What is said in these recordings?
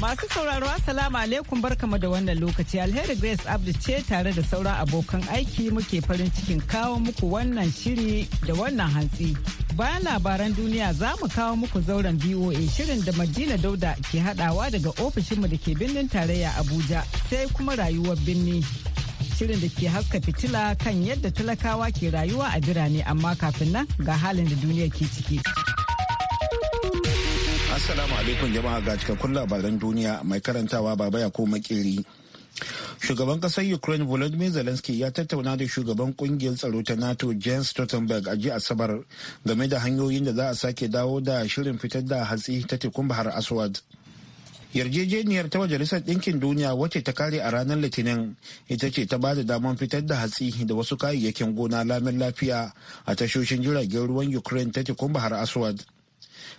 Masu sauraro Assalamu alaikum barkamu da wannan lokaci alheri Grace Abdu ce tare da sauran abokan aiki muke farin cikin kawo muku wannan shiri da wannan hantsi. Bayan labaran duniya za mu kawo muku zauren BOA shirin da Madina Dauda ke hadawa daga ofishinmu da ke birnin tarayya Abuja sai kuma rayuwar birni. Shirin da ke haska fitila kan yadda talakawa ke rayuwa a birane amma kafin nan ga halin da duniya ke ciki. Assalamu alaikum jama'a ga cikakkun labaran duniya mai karantawa baba ko makiri. Shugaban kasar Ukraine Volodymyr Zelensky ya tattauna da shugaban kungiyar tsaro ta NATO Jens Stoltenberg a ji Asabar game da hanyoyin da za a sake dawo da shirin fitar da hatsi ta tekun Bahar Aswad. Yarjejeniyar ta Majalisar Ɗinkin Duniya wacce ta kare a ranar Litinin ita ce ta ba da damar fitar da hatsi da wasu kayayyakin gona lamin lafiya a tashoshin jiragen ruwan Ukraine ta tekun Bahar Aswad.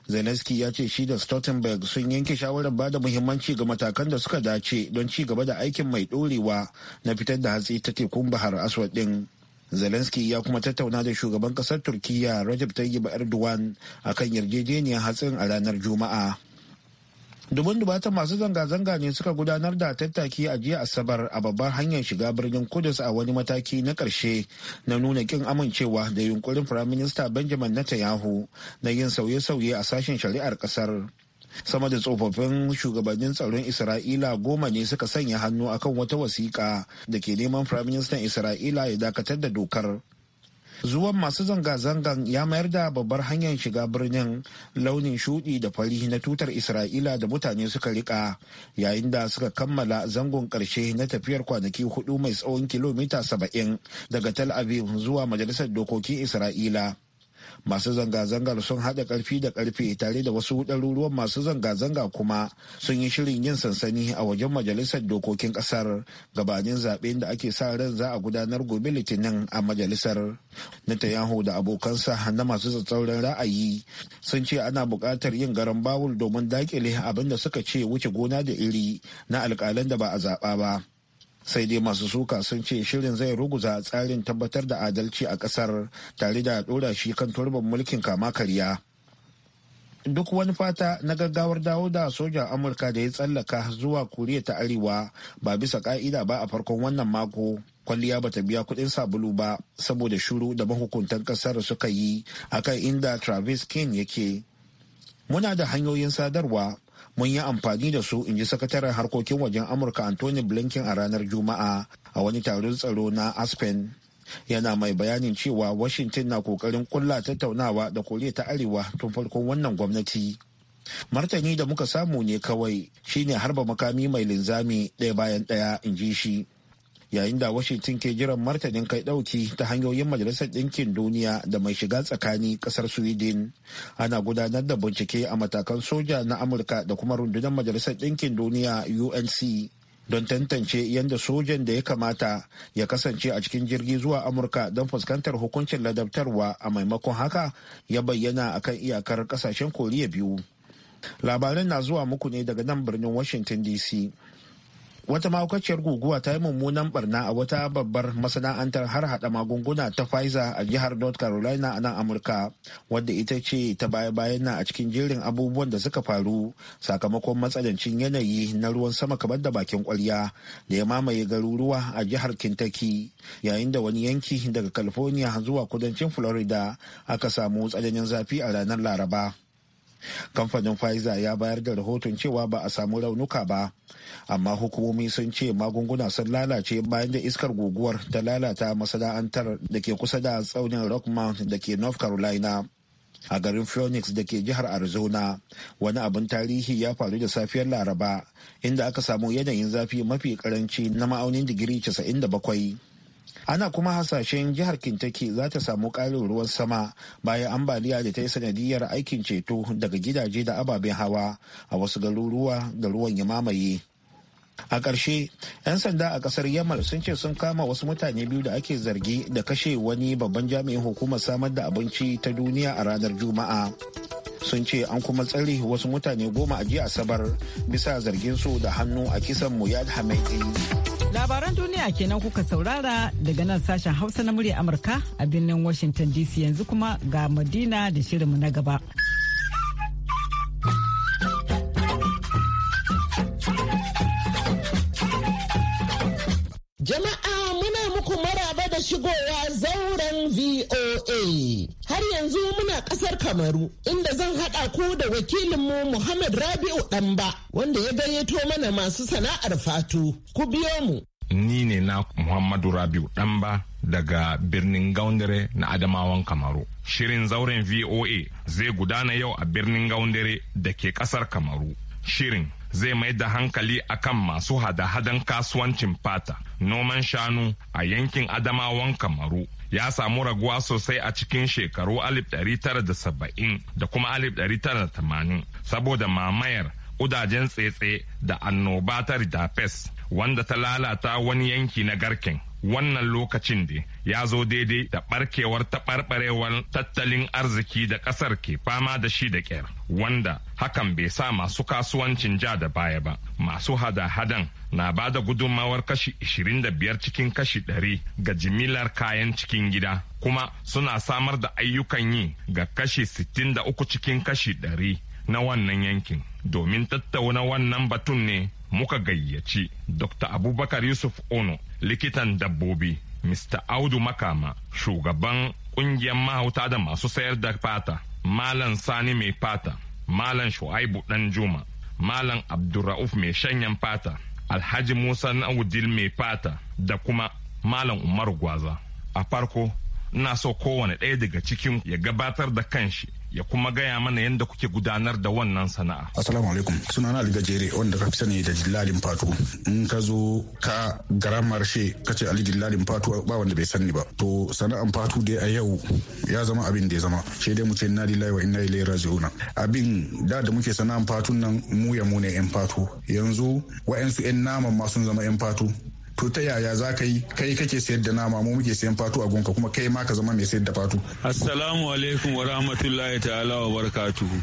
zelensky ya ce shi da stoltenberg sun yanke shawarar ba da muhimmanci ga matakan da suka dace don ci gaba da aikin mai ɗorewa na fitar da hatsi ta tekun bahar aswad ɗin zelensky ya kuma tattauna da shugaban ƙasar turkiyya rajab tayyip erdogan akan yarjejeniyar hatsin a ranar juma'a dubun dubatan masu zanga-zanga ne suka gudanar da tattaki a jiya asabar a babbar hanyar shiga birnin kudus a wani mataki na karshe na nuna kin amincewa da yunkurin firaminista benjamin netanyahu na yin sauye-sauye a sashen shari'ar ƙasar sama da tsofaffin shugabannin tsaron isra'ila goma ne suka sanya hannu akan wata wasiƙa da ke neman firaministan isra'ila ya dakatar da dokar zuwan masu zanga-zangan ya mayar da babbar hanyar shiga birnin launin shuɗi da fari na tutar isra'ila da mutane suka rika yayin da suka kammala zangon ƙarshe na tafiyar kwanaki hudu mai tsawon kilomita 70 daga tel aviv zuwa majalisar dokokin isra'ila masu zanga-zangar sun haɗa ƙarfi da karfe tare da wasu ɗaruruwan masu zanga-zanga kuma sun yi shirin yin sansani a wajen majalisar dokokin ƙasar gabanin zaɓen da ake sa ran za a gudanar gobe litinin a majalisar netanyahu da abokansa na masu tsatsauran ra'ayi sun ce ana buƙatar yin garan bawul domin daƙile abin da suka ce wuce gona da iri na alƙalan da ba a zaɓa ba sai dai masu suka sun ce shirin zai ruguza tsarin tabbatar da adalci a kasar tare da dora shi kan turban mulkin kama karya duk wani fata na gaggawar dawo da sojan amurka da ya tsallaka zuwa koriya ta arewa ba bisa ka'ida ba a farkon wannan mako kwalliya ba ta biya kudin sabulu ba saboda shuru da mahukuntan kasar suka yi akan inda travis king yake muna da hanyoyin sadarwa mun yi amfani da su in ji sakataren harkokin wajen amurka anthony blinken a ranar juma'a a wani taron tsaro na aspen yana mai bayanin cewa washington na kokarin kulla tattaunawa da koriya ta arewa tun farkon wannan gwamnati martani da muka samu ne kawai shine harba makami mai linzami ɗaya bayan ɗaya in ji shi yayin da washington ke jiran martanin kai dauki ta hanyoyin majalisar ɗinkin duniya da mai shiga tsakani ƙasar sweden ana gudanar da bincike a matakan soja na amurka da kuma rundunar majalisar ɗinkin duniya unc don tantance yadda sojan da ya kamata ya kasance a cikin jirgi zuwa amurka don fuskantar hukuncin ladabtarwa a maimakon haka ya bayyana akan iyakar kasashen koriya biyu labarin na zuwa muku ne daga nan birnin washington dc wata mahaukaciyar guguwa ta yi mummunan barna a wata babbar masana'antar har hada magunguna ta Pfizer a jihar North Carolina a nan Amurka wadda ita ce ta baya bayan na a cikin jerin abubuwan da suka faru sakamakon matsalancin yanayi na ruwan sama kamar da bakin kwarya da ya mamaye garuruwa a jihar Kentucky yayin da wani yanki daga California zuwa kudancin Florida aka samu tsananin zafi a ranar Laraba. kamfanin pfizer ya bayar da rahoton cewa ba a samu raunuka ba amma hukumomi sun ce magunguna sun lalace bayan da iskar guguwar ta lalata masana'antar da ke kusa da tsaunin rock mount da ke north carolina a garin phoenix da ke jihar arizona wani abin tarihi ya faru da safiyar laraba inda aka samu yanayin zafi mafi karanci na ma'aunin digiri 97 ana kuma hasashen jihar Kentucky za ta samu ƙarin ruwan sama bayan ambaliya da ta yi sanadiyar aikin ceto daga gidaje da ababen hawa a wasu garuruwa da ruwan ya mamaye. A ƙarshe, 'yan sanda a ƙasar Yamal sun ce sun kama wasu mutane biyu da ake zargi da kashe wani babban jami'in hukumar samar da abinci ta duniya a ranar Juma'a. Sun ce an kuma tsare wasu mutane goma a jiya Asabar bisa zargin su da hannu a kisan Muyad Hamidi. Labaran duniya kenan kuka saurara daga nan sashen Hausa na murya Amurka a birnin Washington DC yanzu kuma ga Madina da shirinmu na gaba. yanzu muna kasar Kamaru inda zan haɗa ku da wakilin mu Muhammad Rabi'u Ɗanba wanda ya gayyato mana masu sana'ar fatu. Ku biyo mu. Ni ne na Muhammadu Rabi'u Ɗanba daga birnin Gaundare na Adamawan Kamaru. Shirin zauren VOA zai gudana yau a birnin Gaundare da ke kasar Kamaru. Shirin zai mai da hankali akan masu hada-hadan kasuwancin fata, noman shanu a yankin Adamawan Kamaru. ya samu raguwa sosai a cikin shekaru 1970 da kuma 1980 saboda mamayar kudajen tsetse da annoba ta ridapes wanda ta lalata wani yanki na garken wannan lokacin da ya zo daidai da barkewar taɓarɓarewar tattalin arziki da ƙasar ke fama da shi da ƙyar wanda hakan bai sa masu kasuwancin ja da baya ba masu hada-hadan na ba da gudunmawar kashi 25 cikin kashi 100 ga jimilar kayan cikin gida kuma suna samar da ayyukan yi ga kashi 63 cikin kashi 100 na wannan yankin domin tattauna wannan batun ne muka gayyaci dr abubakar yusuf ono likitan dabbobi mr audu makama shugaban kungiyar mahauta da masu sayar da fata malam sani mai fata malam shu'aibu dan juma malam abdurrauf mai shanyan fata alhaji musa na na'udil mai fata da kuma malam umaru gwaza a farko ina so kowane ɗaya daga cikin ya gabatar da kanshi ya kuma gaya mana yadda kuke gudanar da wannan sana'a. Assalamu alaikum suna na Gajere wanda ka fi sani da Dillalin Fatu in ka zo ka garamar she ka ce Ali Dillalin Fatu ba wanda bai sani ba to sana'an Fatu dai a yau ya zama abin da ya zama shi dai mu ce inna lillahi wa inna ilaihi raji'un abin da da muke sana'an Fatun nan mu ya mu ne yan Fatu yanzu wa'ansu yan naman ma sun zama yan Fatu to ta yaya za ka yi kai kake sayar da nama mu muke sayan fatu a gonka kuma kai ma ka zama mai sayar da fatu assalamu alaikum wa rahmatullahi ta'ala wa barakatuhu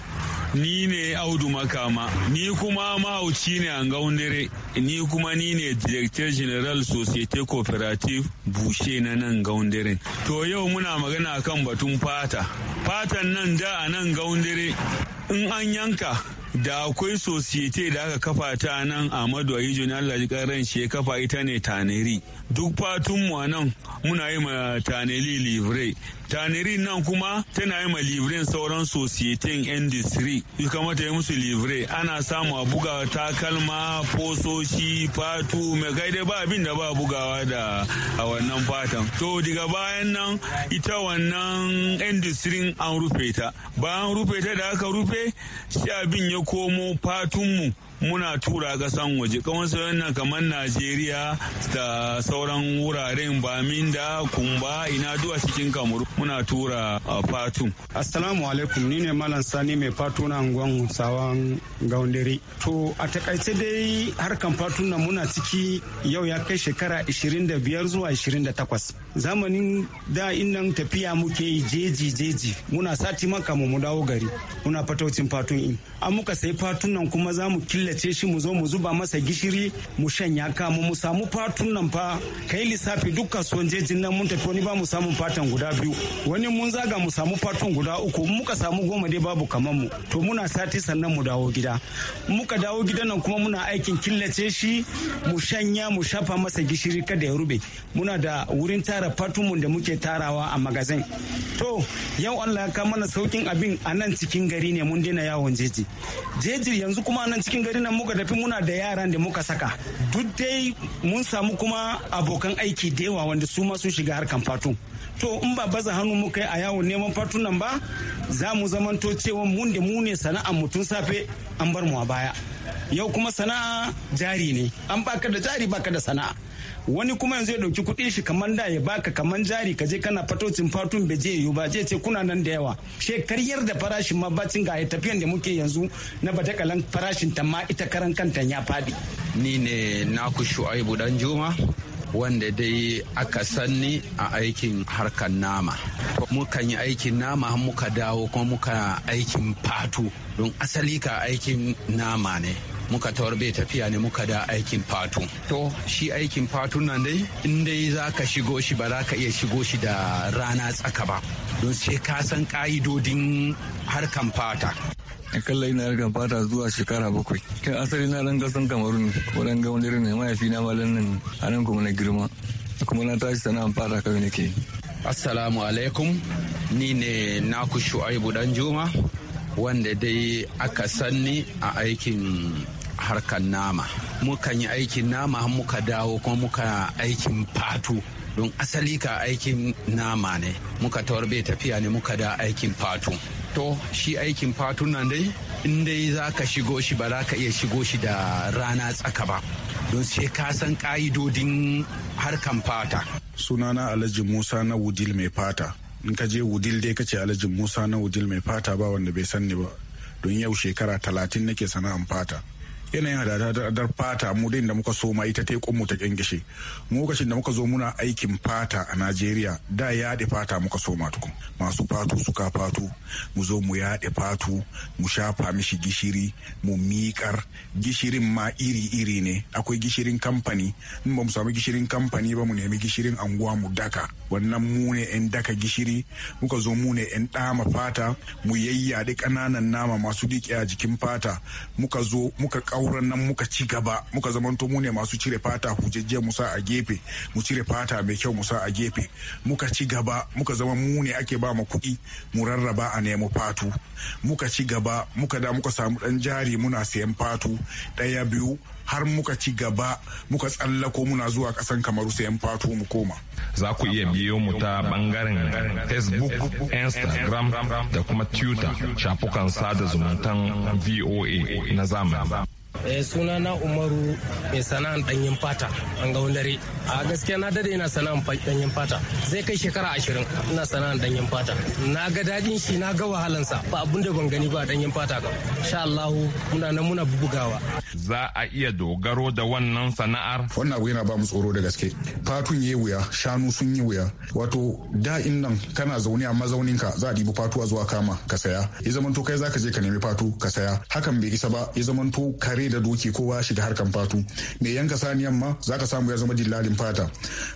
ni ne audu makama ni kuma mahauci ne a gaundare ni kuma ni ne director general societe cooperative bushe na nan gaundare to yau muna magana kan batun fata fatan nan da a nan gaundare in an yanka da akwai sosiyete da aka kafa ta nan Ahmadu Ayijo na Allah ji ran shi ya kafa ita ne taneri duk fatun mu nan muna yi ma taneri livre taneri nan kuma tana yi ma livre sauran societe industry duk kamata yi musu livre ana samu a buga takalma fososhi fatu mai kai ba abin da ba bugawa da a wannan fatan to daga bayan nan ita wannan industry an rufe ta bayan rufe ta da aka rufe shi abin ya komo fatunmu muna tura kasan waje kawansu nan kamar najeriya da sauran wuraren baminda kumba ina duwa cikin kamuru. muna tura fatu assalamu alaikum ni ne malam sani mai fatu na angon sawan to a takaice dai harkan fatu na muna ciki yau ya kai shekara 25 zuwa 28 zamanin da nan tafiya muke jeji jeji muna sati maka mu dawo gari muna fataucin fatun in an muka sai fatun nan kuma za mu killace shi mu zo mu zuba masa gishiri mu shanya kamu mu samu fatun nan fa kai lissafi duk kasuwan jejin nan mun tafi wani ba mu samun fatan guda biyu wani mun zaga mu samu fatun guda uku muka samu goma dai babu kaman mu to muna sati sannan mu dawo gida muka dawo gida nan kuma muna aikin killace shi mu shanya mu shafa masa gishiri kada ya rube muna da wurin tara fatun mu da muke tarawa a magazin to yau Allah ya kama mana saukin abin a nan cikin gari ne mun daina yawon jeji jeji yanzu kuma a nan cikin gari lokacin nan muka tafi muna da yaran da muka saka duk dai mun samu kuma abokan aiki da yawa wanda su ma sun shiga harkan fatu to in ba baza hannu muka yi a yawon neman fatu nan ba za mu zamanto cewa mun da mu ne sana'a mutum safe an bar mu a baya yau kuma sana'a jari ne an baka da jari baka da sana'a wani kuma yanzu ya dauki kuɗin shi kamar da ya baka kamar jari ka je kana fatocin fatun bai je yiwu ba je ce kuna nan da yawa shekaryar da farashin ma bacin ga tafiyan da muke yanzu na batakalan farashin ta ma ita karan kanta ya faɗi. ni ne na ku shu'aibu dan juma wanda dai aka sanni a aikin harkar nama mukan yi aikin nama muka dawo kuma muka aikin fatu don asali ka aikin nama ne muka tawar bai tafiya ne muka da aikin fatu to shi aikin fatu nan dai in dai za ka shigo shi ba za ka iya shigo shi da rana tsaka ba don sai ka san ka'idodin harkan fata akalla ina harkan fata zuwa shekara bakwai kai asali na ran kasan kamaru ne ko ran ga wani ne mahaifi na malam nan a nan kuma na girma kuma na tashi sana'an fata kawai nake assalamu alaikum ni ne naku shu'aibu dan juma wanda dai aka sanni a aikin harkar nama mukan yi aikin nama muka dawo kuma muka aikin fatu don asali ka aikin nama ne muka tawar bai tafiya ne muka da aikin fatu to shi aikin fatu nan dai in dai za ka shigo shi ba za ka iya shigo shi da rana tsaka ba don sai ka san ka'idodin harkan fata sunana alhaji musa na wudil mai fata in ka je wudil dai kace alhaji musa na wudil mai fata ba wanda bai san ni ba don yau shekara talatin nake sana'an fata yanayin hadadar fata mu da muka so ma ita ta mu ta kyangishe mu lokacin da muka zo muna aikin fata a najeriya da yaɗe fata muka so ma tukun masu fatu suka fatu mu zo mu yaɗe fatu mu shafa mishi gishiri mu miƙar gishirin ma iri-iri ne akwai gishirin kamfani in ba mu samu gishirin kamfani ba mu nemi gishirin anguwa mu daka wannan mu ne 'yan daka gishiri muka zo mu ne 'yan ɗama fata mu yayyade ƙananan nama masu diƙe a jikin fata muka zo muka auren nan muka ci gaba muka zamanto mu ne masu cire fata hujajje musa a gefe mu cire fata mai kyau musa a gefe muka ci gaba muka zama mu ne ake ba mu kuɗi mu rarraba a nemo fatu muka ci gaba muka da muka samu ɗan jari muna sayan fatu ɗaya biyu har muka ci gaba muka tsallako muna zuwa kasan kamaru yan fato mu koma za ku iya biyo mu ta bangaren facebook instagram da kuma twitter shafukan sada zumuntan voa na zamani eh, suna na umaru mai sana'an danyen fata an ga dare a gaskiya na dade ina sana'an danyen fata zai kai shekara ashirin ina sana'an danyen fata na ga dadin shi na ga wahalansa ba abun da ban gani ba danyen fata ga sha Allahu muna na muna bugawa za a iya dogaro da wannan sana'ar wannan abu yana ba mu tsoro da gaske fatun yi wuya shanu sun yi wuya wato da in nan kana zaune a mazaunin ka za a ɗibi fatuwa zuwa kama ka saya ya zamanto kai ka je ka nemi fatu ka saya hakan bai isa ba ya zamanto kare da doki kowa shiga harkan fatu mai yanka saniyan ma zaka samu ya zama dillalin fata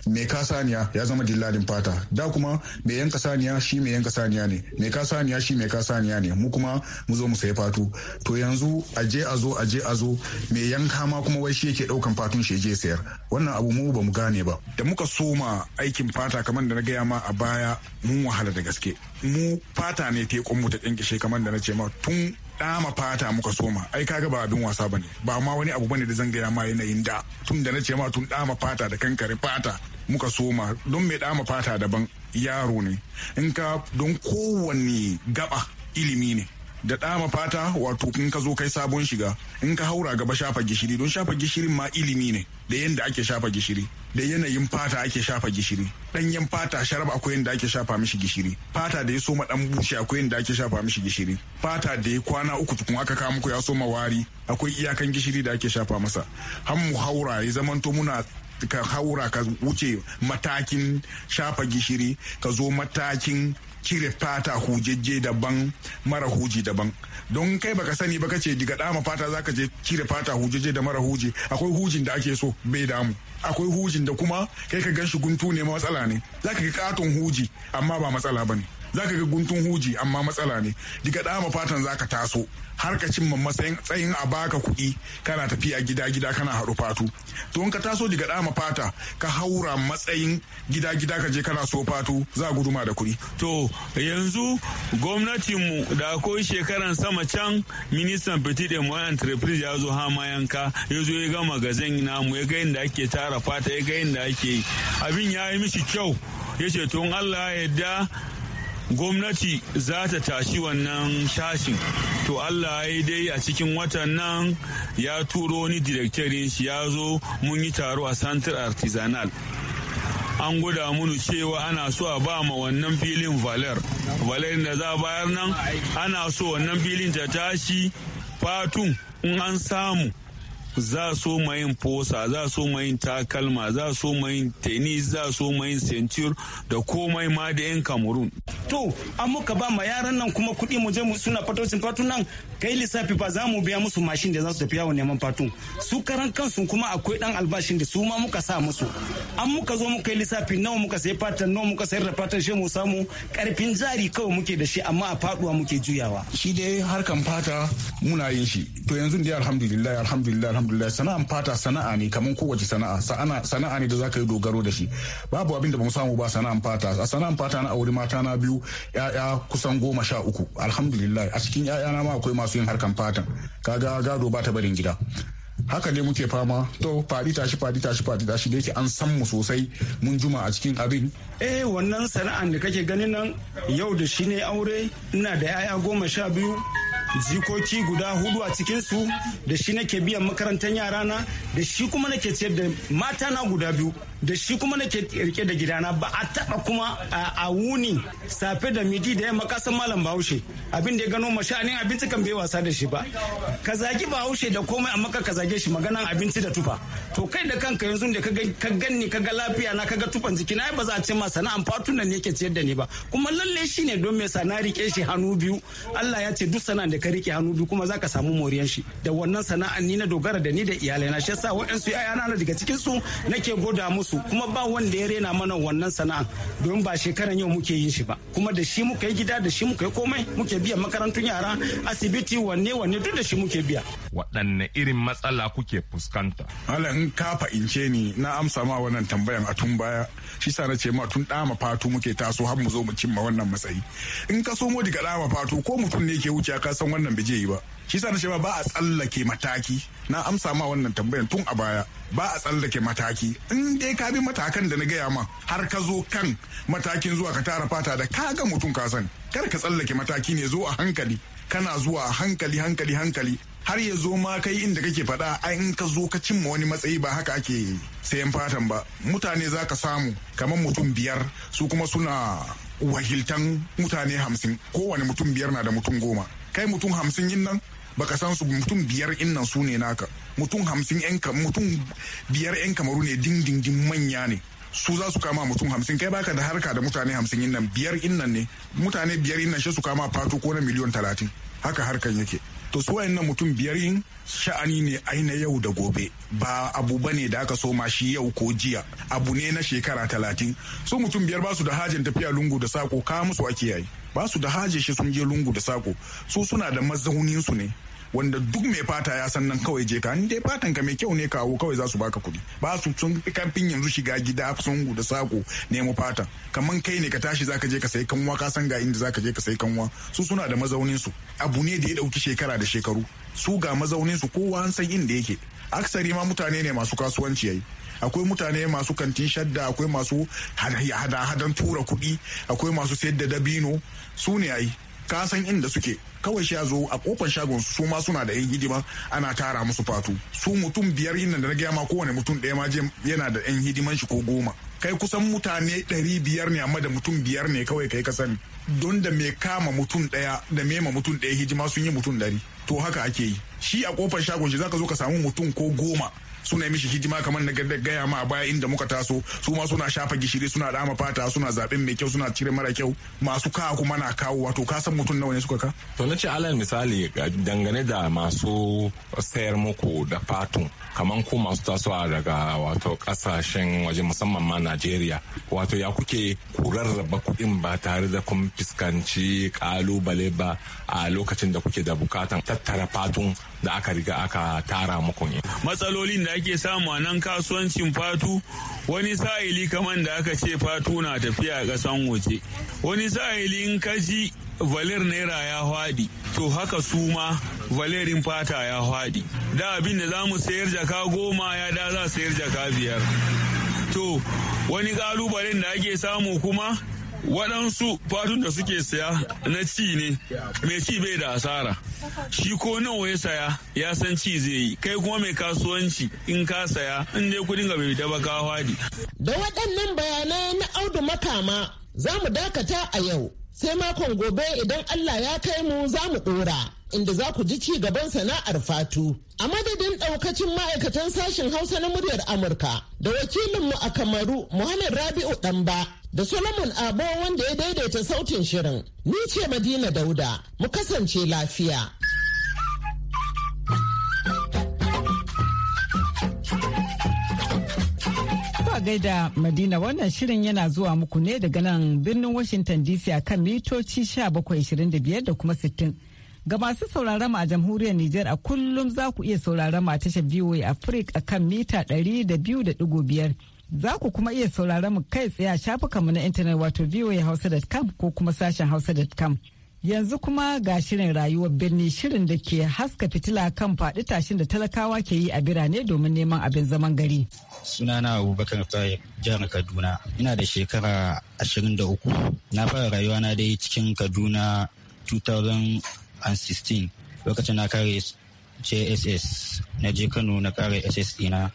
mai ka saniya ya zama dillalin fata da kuma mai yanka saniya shi mai yanka saniya ne mai ka saniya shi mai ka saniya ne mu kuma mu zo mu sayi fatu to yanzu a je a zo a je a zo mai yanka dama kuma wai shi yake daukan fatun shi je sayar wannan abu mu ba mu gane ba da muka soma aikin fata kamar da na gaya ma a baya mun wahala da gaske mu fata ne tekon mu ta kinkishe kamar da na ce ma tun dama fata muka soma ai kaga ba abin wasa bane ba ma wani abu bane da zan gaya ma yanayin da tun da na ce ma tun dama fata da kankare fata muka soma don mai dama fata daban yaro ne in ka don kowanne gaba ilimi ne da dama fata wato in ka zo kai sabon shiga in ka haura gaba shafa gishiri don shafa gishirin ma ilimi ne da yadda ake shafa gishiri da yanayin fata ake shafa gishiri ɗanyen fata sharab akwai yadda ake shafa mishi gishiri fata da ya soma ɗan bushe akwai yadda ake shafa mishi gishiri fata da ya kwana uku tukun aka kawo muku ya soma wari akwai iyakan gishiri da ake shafa masa har mu haura ya zamanto muna ka haura ka wuce matakin shafa gishiri ka zo matakin cire fata hujejje daban mara huji daban don kai baka sani baka ce diga dama fata zaka je cire fata hujejje da mara huji akwai hujin da ake so bai damu akwai hujin da kuma kai ka gan shi guntu ne matsala ne zaka ga katon huji amma ba matsala bane za ka ga guntun huji amma matsala ne diga dama fatan za ka taso har ka cimma matsayin tsayin a baka kuɗi kana tafiya gida gida kana haɗu fatu to in ka taso diga dama fata ka haura matsayin gida gida ka je kana so fatu za a guduma da kuɗi. to yanzu gwamnatinmu da akwai shekaran sama can ministan petit de moyen entreprise ya zo hama yanka ya zo ya gama magazin namu ya ga yadda ake tara fata ya ga yanda ake yi abin ya yi mishi kyau ya ce tun allah ya yarda gwamnati za ta tashi wannan shashin to allah ya dai a cikin watan nan ya turo ni direktorin shi ya zo mun yi taro a santar artisanal an guda munu cewa ana so a ba ma wannan filin valer valer da za bayar nan ana so wannan filin ta tashi fatun in an samu za so mayin fosa za so mayin takalma za so mayin tenis za so mayin centur da komai ma da yan cameroon to an muka ba ma yaran nan kuma kuɗi mu je suna sun fato nan kai lissafi ba za mu biya musu mashin da za su tafi yawon neman fato su karan kansu kuma akwai dan albashin da su ma muka sa musu an muka zo muka yi lissafi nawa muka sayi fatan nawa muka sayar da fatan shi mu samu karfin jari kawai muke da shi amma a faduwa muke juyawa shi dai harkan fata muna yin shi to yanzu dai alhamdulillah alhamdulillah alhamdulillah sana'an fata sana'a ne kamar kowace sana'a sana'a ne da zaka yi dogaro da shi babu abin da ba samu ba sana'an fata a sana'an fata na aure mata na biyu ya'ya kusan goma sha uku alhamdulillah a cikin ya'ya na ma akwai masu yin harkan fatan kaga gado ba ta barin gida haka ne muke fama to faɗi tashi faɗi tashi faɗi tashi da yake an san mu sosai mun juma a cikin abin eh wannan sana'an da kake ganin nan yau da shi ne aure ina da yaya goma sha biyu jikoki guda hudu a cikinsu da shi nake biyan makarantar yarana da shi kuma nake ciyar da mata na guda biyu da shi kuma nake rike da gidana ba a taba kuma a wuni safe da midi da yamma kasan malam bahaushe abin da ya gano anin abinci kan bai wasa da shi ba ka zagi bahaushe da komai amma ka zage shi maganan abinci da tufa to kai da kanka yanzu da ka ganni ka ga lafiya na ka ga tufan jiki na ba za a ce ma sana'an fatunan ne ke ciyar da ni ba kuma lalle shi ne don me sana rike shi hannu biyu Allah ya ce duk sana'an da ka rike hannu duk kuma zaka samu moriyan shi da wannan sana'an ni na dogara da ni da iyalai na shi yasa waɗansu ƴaƴana na daga cikin su nake goda musu kuma ba wanda ya rena mana wannan sana'an don ba shekaran yau muke yin shi ba kuma da shi muka yi gida da shi muka yi komai muke biya makarantun yara asibiti wanne wanne duk da shi muke biya waɗanne irin matsala kuke fuskanta Allah in ka fa'ince ni na amsa ma wannan tambayan a tun baya shi sa na ce ma tun ɗama fatu muke taso har mu zo mu cimma wannan matsayi in ka so mu daga ɗama fatu ko mutum ne ke wuce ka san wannan bai yi ba shi sa na ce ba a tsallake mataki na amsa ma wannan tambayan tun a baya ba a tsallake mataki in dai ka bi matakan da na gaya ma har ka zo kan matakin zuwa ka tara fata da ka ga mutum ka san kar ka tsallake mataki ne zo a hankali kana zuwa hankali hankali hankali har ya zo ma kai inda kake faɗa ai in ka zo ka cimma wani matsayi ba haka ake sayan fatan ba mutane za ka samu kamar mutum biyar su kuma suna wahiltan mutane hamsin kowane mutum biyar na da mutum goma kai mutum hamsin yin nan baka san su mutum biyar in nan su ne naka mutum hamsin yan mutum biyar yan kamaru ne dindindin manya ne su za su kama mutum hamsin kai baka da harka da mutane hamsin yin nan biyar in nan ne mutane biyar in nan shi su kama fato ko na miliyon talatin haka harkan yake to su nan mutum biyar yin sha'ani ne aina yau da gobe ba abu ba ne da aka so ma shi yau ko jiya abu ne na shekara talatin su mutum biyar ba su da hajin tafiya lungu da sako ka musu ake yayi ba su da haje shi sun je lungu da sako su suna da mazaunin su ne wanda duk mai fata ya san nan kawai je ka dai fatan ka mai kyau ne kawo kawai za su baka kuɗi ba su sun kamfin yanzu shiga gida sun da sako nemo fata kaman kai ne ka tashi zaka je ka sayi kanwa ka san ga inda zaka je ka sayi kanwa su suna da mazaunin su abu ne da ya dauki shekara da shekaru su ga mazaunin su kowa an san inda yake aksari ma mutane ne masu kasuwanci yayi akwai mutane masu kantin shadda akwai masu hada-hadan tura kuɗi akwai masu sayar da dabino su ne ai ka san inda suke kawai shi zo a kofar shagon su ma suna da yan hidima ana tara musu fatu su mutum biyar yin da na gaya ma kowane mutum ɗaya ma yana da yan hidiman shi ko goma kai kusan mutane ɗari biyar ne amma da mutum biyar ne kawai kai ka sani don da mai kama mutum ɗaya da mema mutum ɗaya hidima sun yi mutum ɗari to haka ake yi shi a kofar shagon shi zaka zo ka samu mutum ko goma suna mishi hidima kamar na gaya ma a baya inda muka taso su ma suna shafa gishiri suna dama fata suna zaben mai kyau suna cire mara kyau masu ka kuma na kawo wato ka san mutum nawa ne suka ka to na ce alal misali dangane da masu sayar muku da fatun kamar ku masu tasowa daga wato kasashen waje musamman ma Najeriya wato ya kuke ku rarraba kuɗin ba tare da kun fuskanci ƙalubale ba a lokacin da kuke da bukatan tattara fatun da aka riga aka tara makon matsalolin da ake samu a nan kasuwancin fatu wani sa'ili kamar da aka ce fatu na tafiya a ƙasan waje wani sa'ili in ka valer naira ya hwadi to haka su ma valerin fata ya hwadi da abin da za mu sayar jaka goma ya da za sayar jaka biyar to wani kalubalen da ake samu kuma waɗansu fatun da suke saya na ci ne mai ci bai da asara shi ko nawa ya saya ya san ci zai yi kai kuma mai kasuwanci in ka saya in dai kudin ga bai daba ka hadi da waɗannan bayanai na audu makama za mu dakata a yau sai makon gobe idan Allah ya kai mu za mu ɗora inda za ku ji ci gaban sana'ar fatu a madadin ɗaukacin ma'aikatan sashen hausa na muryar amurka da wakilinmu a kamaru muhammad rabi'u ɗanba da Solomon Abo wanda ya daidaita sautin shirin. Ni ce Madina Dauda, mu kasance lafiya. gaida Madina wannan shirin yana zuwa muku ne daga nan birnin Washington DC a kan mitoci 1725 da kuma 60. Ga masu sauraron a jamhuriyar Nijar a kullum za ku iya sauraron a tashar VOA Africa a kan mita 200.5. Za ku kuma iya sauraron mu kai tsaye a shafukanmu na intanet wato voahausa.com ko kuma sashen hausa.com. Yanzu kuma ga shirin rayuwar birni shirin da ke haska fitila kan faɗi tashin da talakawa ke yi a birane domin neman abin zaman gari. Sunana Abubakar jihar Kaduna. Ina da shekara 23. Na fara rayuwa na dai cikin Kaduna 2016 lokacin na kare JSS na je Kano na kare SS dina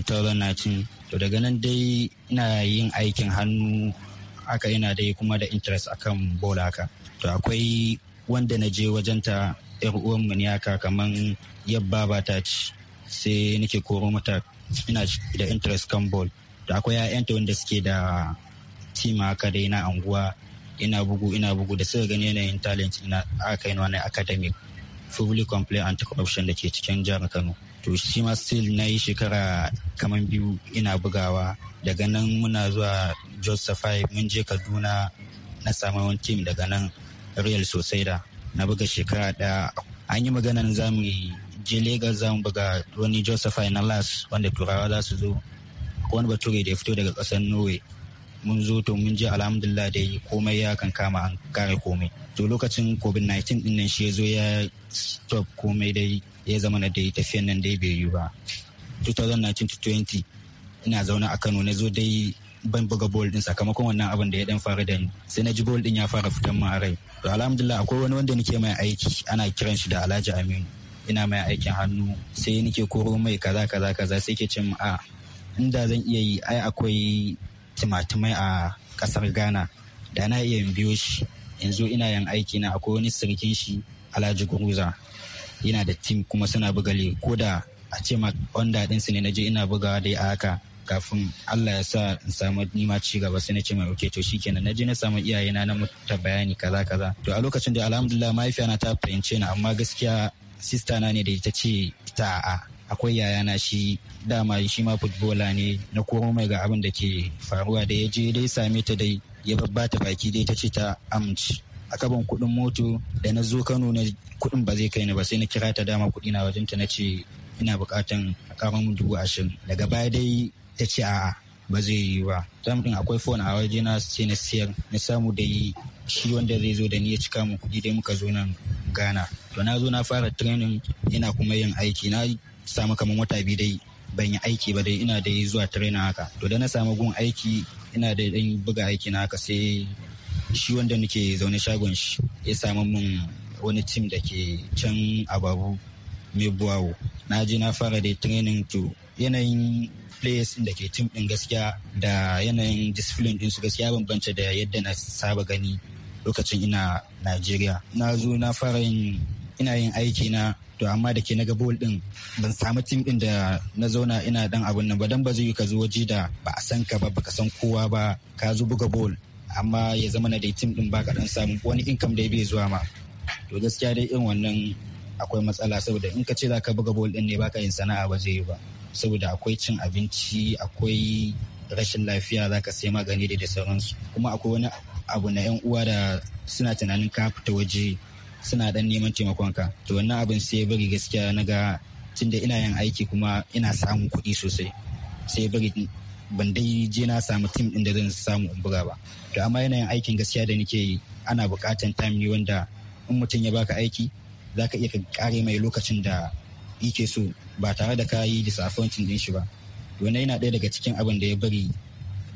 2019 to daga nan dai ina yin aikin hannu haka ina dai kuma da interest akan bola haka to akwai wanda na je wajenta yar uwan ne haka kaman yabba ba ta ci sai nake koro mata ina da interest kan ball to akwai ya'yanta wanda suke da tima haka dai na anguwa ina bugu ina bugu da suka gani yanayin talent ina aka yi wani academic public complaint anti corruption da ke cikin jihar kano to shi ma still na yi shekara kaman biyu ina bugawa daga nan muna zuwa joseph mun je kaduna na samu wani tim daga nan real sosai da na buga shekara daya an yi maganan za mu je lagos za mu buga wani joseph na las wanda turawa za su zo wani bature da ya fito daga kasar norway mun zo to mun je alhamdulillah da komai ya kan kama an kare komai to lokacin covid-19 din nan shi ya zo ya stop komai dai ya zama na dai tafiyan nan dai bai yi ba 2019-20 ina zaune a kano na zo dai ban buga bol din sakamakon wannan abin da ya dan fara da ni sai na ji bol din ya fara fitan ma rai to alhamdulillah akwai wani wanda nake mai aiki ana kiran shi da Alhaji Aminu ina mai aikin hannu sai nake koro mai kaza kaza kaza sai ke cin a inda zan iya yi ai akwai timatimai a kasar ghana da na iya biyo shi yanzu ina yin aiki na akwai wani sirkin shi alhaji guruza yana da tim kuma suna buga le ko da a ce ma wanda ɗinsu ne na je ina bugawa dai a haka kafin Allah ya sa in samu nima ci gaba sai na ce mai oke to shikenan naje na samu iyayena na mutu bayani kaza kaza to a lokacin da alhamdulillah mahaifiyana ta fahimce ni amma gaskiya sista na ne da ita ce ita a'a akwai yayana shi dama shi ma futbola ne na koro mai ga abin da ke faruwa da ya je dai same ta dai ya babbata baki dai ta ce ta amince a kaban kuɗin moto da na zo kano na kuɗin ba zai kai ni ba sai na kira ta dama kuɗi na wajen ta na ce ina buƙatan ƙaramin dubu ashirin daga baya dai ta ce a'a ba zai yi ba zamu din akwai fon a waje na sai na siyar na samu da yi shi wanda zai zo da ni ya cika mu kuɗi dai muka zo nan gana. to na zo na fara training ina kuma yin aiki na samu kamar wata biyu dai ban yi aiki ba dai ina dai zuwa trainer haka to da na samu gun aiki ina da dan buga aiki na haka sai shi wanda nake zaune shagon shi ya samu mun wani tim da ke can ababu mai buwawo na je na fara da training to yanayin players da ke tim din gaskiya da yanayin discipline din su gaskiya bambanta da yadda na saba gani lokacin ina Najeriya na zo na fara yin ina yin aiki na to amma da ke na ga bol din ban samu tim din da na zauna ina dan abun nan ba dan ba zai yi ka zo waje da ba a san ka ba baka san kowa ba ka zo buga bol amma ya zama na dai tim din ba ka dan samu wani income da ya bai zuwa ma to gaskiya dai irin wannan akwai matsala saboda in ka ce za ka buga bol din ne baka yin sana'a ba zai yi ba saboda akwai cin abinci akwai rashin lafiya za ka sai magani da sauransu kuma akwai wani abu na yan uwa da suna tunanin ka fita waje suna dan neman taimakon ka to wannan abin sai ya bari gaskiya na ga tunda ina yin aiki kuma ina samun kuɗi sosai sai ya bari ban dai je na samu tim din da zan samu in buga ba to amma yana yin aikin gaskiya da nake yi ana buƙatan time wanda in mutum ya baka aiki za ka iya ka kare mai lokacin da yake so ba tare da ka yi disappointing din shi ba wannan yana ɗaya daga cikin abin da ya bari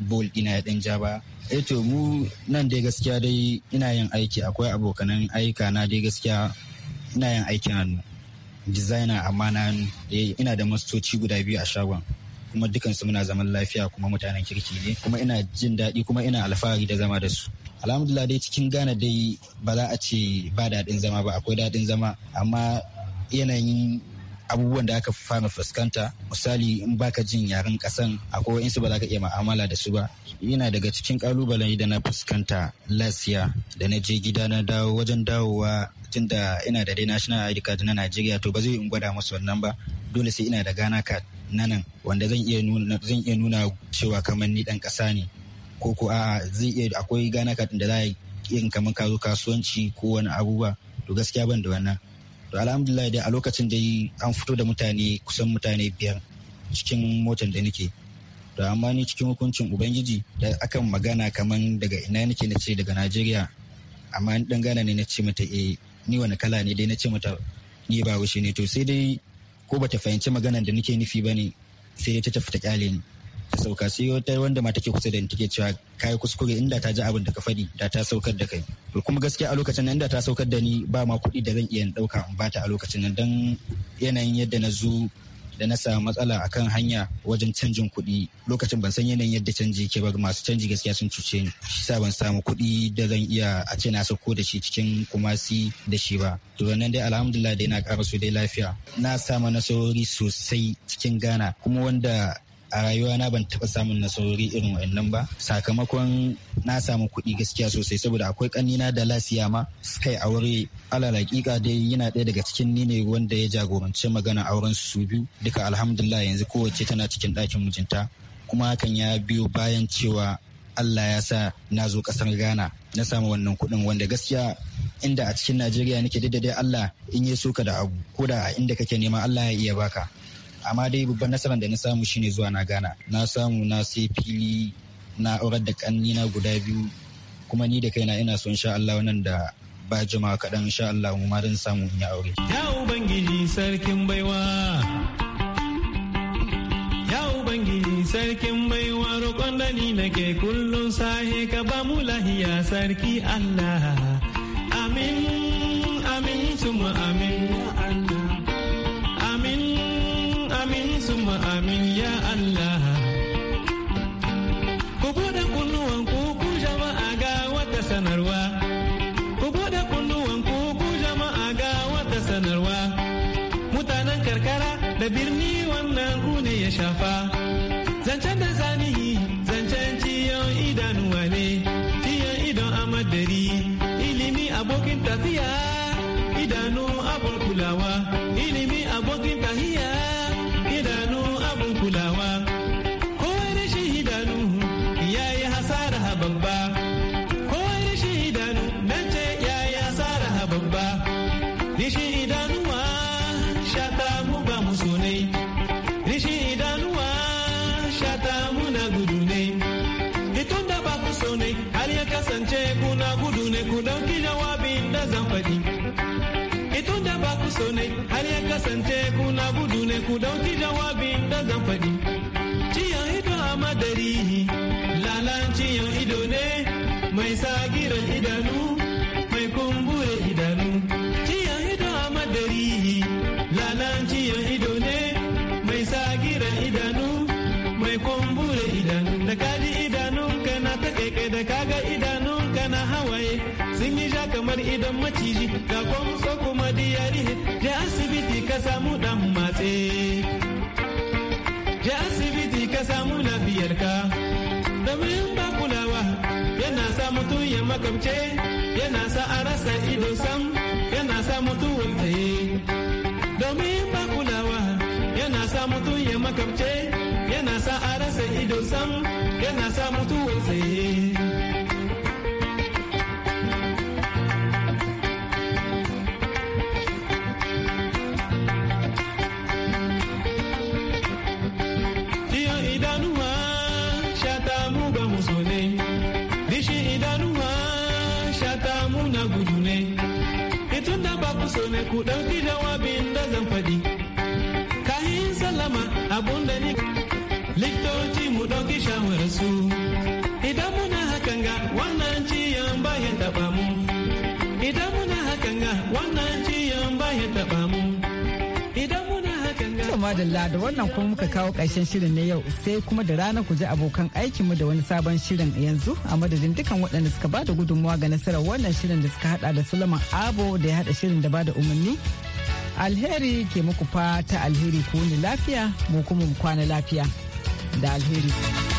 bol ina ya ɗan ja ba e to mu nan dai gaskiya dai ina yin aiki akwai abokanan aika na dai gaskiya ina yin aiki hannu designer amma na eh ina da mastoci guda biyu a shagon kuma dukansu muna zaman lafiya kuma mutanen kirki ne kuma ina jin daɗi kuma ina alfahari da zama da su alhamdulillah dai cikin ghana dai ba za a ce ba daɗin zama ba akwai daɗin zama amma yanayin abubuwan da aka fara fuskanta misali in baka jin yaren kasan akwai wa'insu ba za ka iya ma'amala da su ba yana daga cikin kalubalen da na fuskanta lasiya da na je gida na dawo wajen dawowa tun da ina da dai national id card na nigeria to ba zai in gwada masu wannan ba dole sai ina da ghana card na nan wanda zan iya nuna cewa kamar ni dan kasa ne ko ko a zai iya akwai ghana card da za a yi kamar ka kasuwanci ko wani abubuwa to gaskiya ban da wannan to alhamdulillah dai a lokacin da an fito da mutane kusan mutane biyar cikin motar da nake to amma ni cikin hukuncin ubangiji da akan magana kaman daga ina nake na ce daga najeriya amma dan gana ne na ce mata eh ni wani kala ne dai na ce mata ni ba wuce ne to sai dai ko bata fahimci maganar da nake nufi ba ne sai ta tafi ta kyale ni ta sauka sai wata wanda ma take kusa da ni take cewa kai kuskure inda ta ji abin da ka faɗi da ta saukar da kai to kuma gaskiya a lokacin nan inda ta saukar da ni ba ma kuɗi da zan iya ɗauka in bata a lokacin nan dan yanayin yadda na zu da na samu matsala akan hanya wajen canjin kuɗi lokacin ban san yanayin yadda canji ke ba masu canji gaskiya sun cuce ni shi sa ban samu kuɗi da zan iya a ce na sauko da shi cikin kumasi da shi ba to wannan dai alhamdulillah dai na ƙara su dai lafiya na samu nasarori sosai cikin gana kuma wanda a rayuwa na ban taɓa samun nasarori irin wa'annan ba sakamakon na samu kuɗi gaskiya sosai saboda akwai ƙannina da lasiya ma kai aure alal hakika dai yana ɗaya daga cikin ni ne wanda ya jagorance magana auren su biyu duka alhamdulillah yanzu kowace tana cikin ɗakin mijinta kuma hakan ya biyo bayan cewa Allah ya sa na zo ƙasar Ghana na samu wannan kuɗin wanda gaskiya inda a cikin Najeriya nake da dai Allah in ya soka da abu ko da inda kake nema Allah ya iya baka amma dai babban nasarar da na samu shine zuwa na gana na samu na sai fili na aurar da na guda biyu kuma ni da kaina ina son insha Allah nan da ba jima kaɗan insha Allah mu ma dan samu in yi aure. Ya Ubangiji sarkin baiwa. Ya Ubangiji sarkin baiwa roƙon da ni nake kullum sahe ka ba mu lahiya sarki Allah. kasance kuna gudu ne ku dauki jawabi da zan faɗi ciyan ido a madari lalanciyan ido ne mai sagi kamar idan maciji ga kwamso kuma diyari je asibiti ka samu dan matse je asibiti ka samu lafiyarka domin ba kulawa yana sa mutum ya makamce yana sa a rasa ido sam yana sa mutuwar tsaye domin ba kulawa yana sa mutum ya makamce yana sa a rasa ido sam yana sa mutuwar yi. so ne ku ɗauki jawabin da zan faɗi kahin sallama abun da ni liktoci mu ɗauki shawararsu. su kuma da wannan kuma muka kawo ƙarshen shirin na yau sai kuma da rana ku ji abokan aikinmu da wani sabon shirin yanzu a madadin dukan waɗanda suka bada gudunmawa ga nasarar wannan shirin da suka hada da sulaman Abo da ya hada shirin da ba da umarni. Alheri ke muku fata alheri ku ni lafiya mu kuma mu kwana lafiya da alheri.